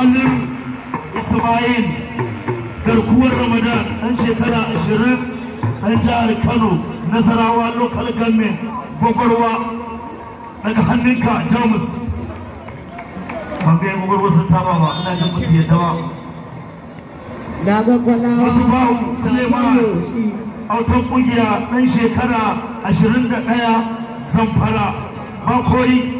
hannun ismail garkuwar ramadan ɗan shekara ashirin ɗan jihar kano nasarawa local government gwagwarwa daga hannunka jamus ban ga yin gwagwarwa sun taba ba ina jin musu yadda ba wasu bawu suleiman autan kungiya ɗan shekara ashirin da ɗaya zamfara bakori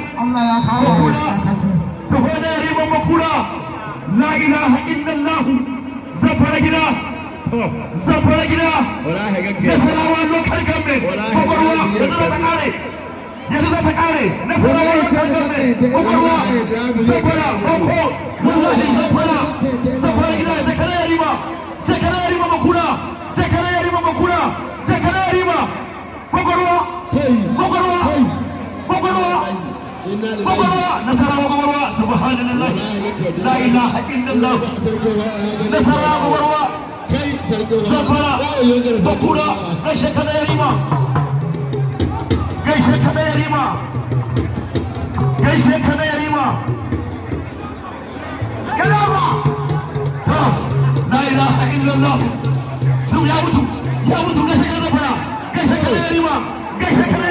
وحوش دهونا ريما مكورا لا إله إلا الله زفر جدا زفر جدا نسراوا لوكال جامد فبروا يدنا تكاري يدنا تكاري نسراوا لوكال جامد فبروا زفر أوكو والله زفر زفر جدا تكاري ريما مبروة نصر مبروة سبحان الله لا إله إلا الله نصر مبروة زفرة بكورة ليش كذا يا ريما ليش كذا يا ريما ليش كذا يا ريما كلاما لا إله إلا الله سو يا ودو يا ودو ليش كذا زفرة ليش كذا يا ريما ليش كذا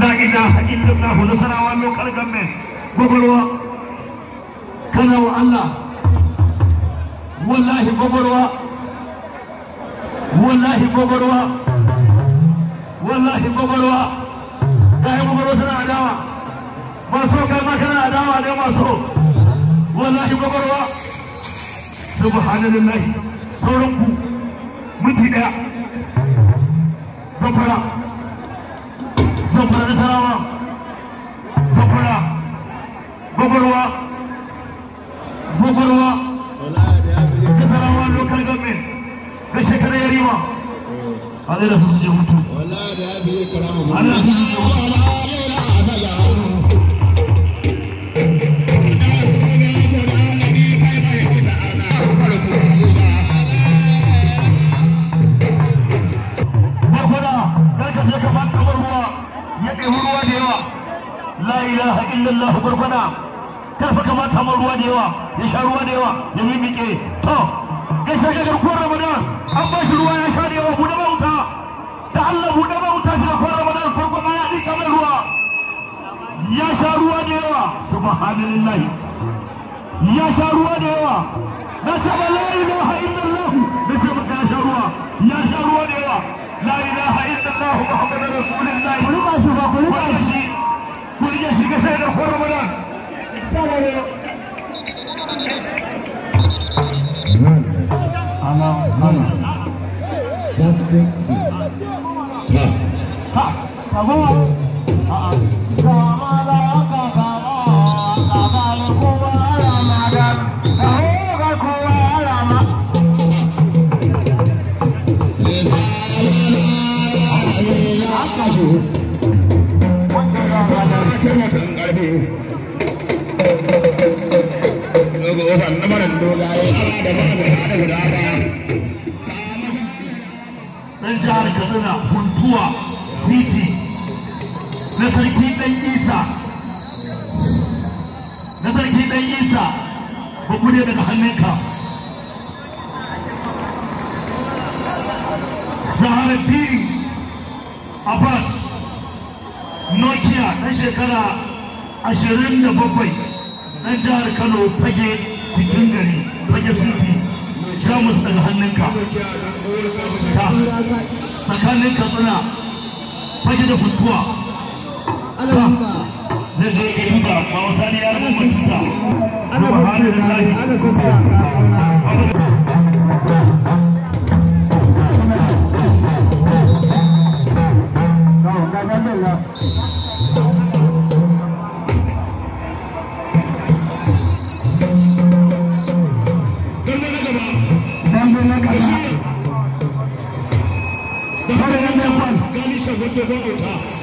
la ilaha illallah nasarawa local government gwagwarwa kana wa Allah wallahi gwagwarwa wallahi gwagwarwa wallahi gwagwarwa suna adawa maso kai ma kana adawa ne maso wallahi gwagwarwa subhanallahi sauran ku minti ɗaya. zamfara zamfara nasarawa zamfara gwagwarwa gwagwarwa nasarawa local government oh. da shekara yarima a da su su je hutu a da su su je ɗebi ruwa da illallah gwargwada karfa kamata ma da yawa ya sha ruwa da sha ga garkuwar ramadan an ba ruwa ya sha da yawa buɗe bauta da allah buɗe bauta shi da ramadan ruwa ya sha ruwa da yawa ya sha ruwa da yawa na saba ya sha ruwa والذي وليس كسائر أخوة رمضان أنا أنا Justin C. Trump. Ha! Bravo! Ha! Kamala! ƙarfi na dogaye ana da hada guda ba ɗan jihar katsina huntuwa city na sarki ɗan isa na sarki ɗan isa ba daga hannunka shekara ashirin da bakwai ɗan jihar kano fage cikin gari fage siti jamus daga hannunka ta tsakanin katsina fage da kuntuwa zai je ya ba wasa ne ya rubu matisa subhanallahi Thank you. babban dogon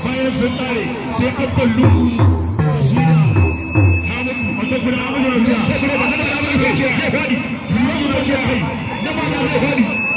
bayan sun tsare sai an ballu shi na hamadu wata kuna wajen kuna na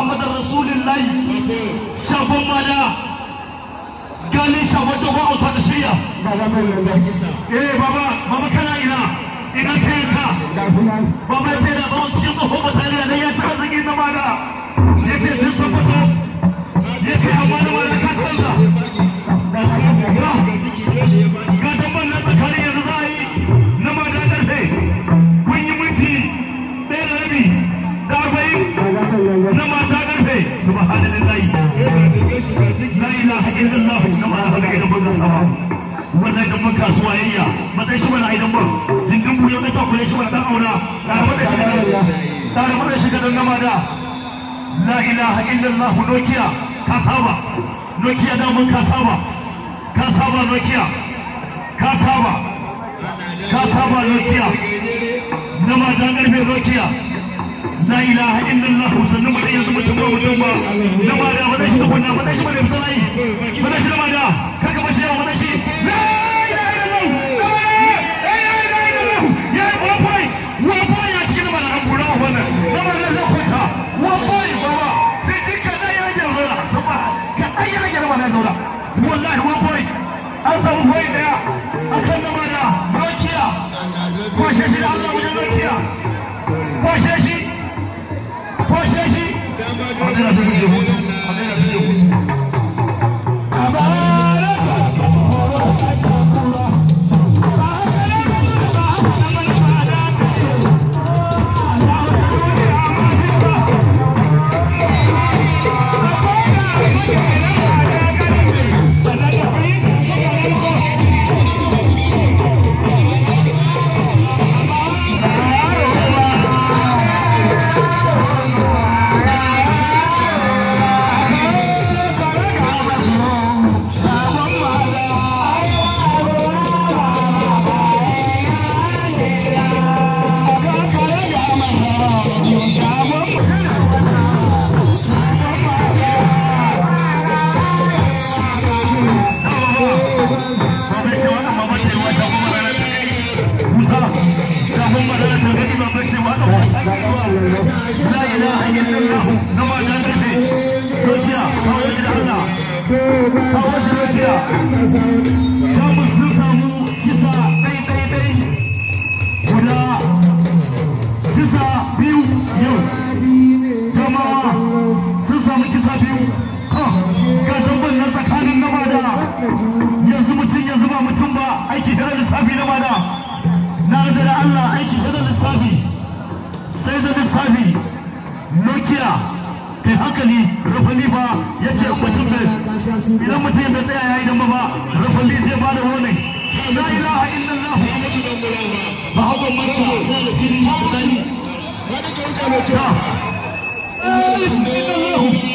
subhanallahi hutu rasulullahi mada galisha wato ba ustadishiya eh baba baba kana ina ina kayanka baba ce da zama cikin tsoho mutane da ya ci arziki na mana ya ce duk sun fito ya ce amma da ka canza ga tsakanin yanzu za yi na mada ƙarfe kun yi minti ɗaya da rabi da ƙarfe irin lahu na mara haka idan ban sama wannan idan ban kasuwa yayya matsayi shi wani idan ban dindin buyo na ta kure shi wani dan auna tare mata shi kadan tare mata shi kadan na mada la ilaha illallah nokiya ka saba nokiya da mun ka saba ka saba nokiya ka saba ka saba nokiya na da garbe nokiya la ilaha illallah sannan mutum ya zuba tamba mutum ba na ba da wani shi da kunna wani shi ba da fitar ayi shi da ba da kar ka bashi yawa wani shi la ilaha illallah la ilaha illallah ya yi one point one point a cikin ba da an kura wannan na ba da zai kwanta one ba ba sai dukkan na yi rage zauna sama ka ɗan yi rage zauna wallahi one point an samu point daya. 모든 화면을 la ilaha illallah na mata ta ce dokiya kawo shi da kawo samu kisa guda kisa biyu yau sun samu kisa biyu tsakanin yanzu mutum yanzu ba mutum ba aiki tare da lissafi na mada na da Allah aiki tare da lissafi da lissafi nokia kai hankali rafali ba ya ce kwacin bes idan mutum ya tsaya ya yi dama ba rafali zai ba da wani la ilaha illallah ba mace ne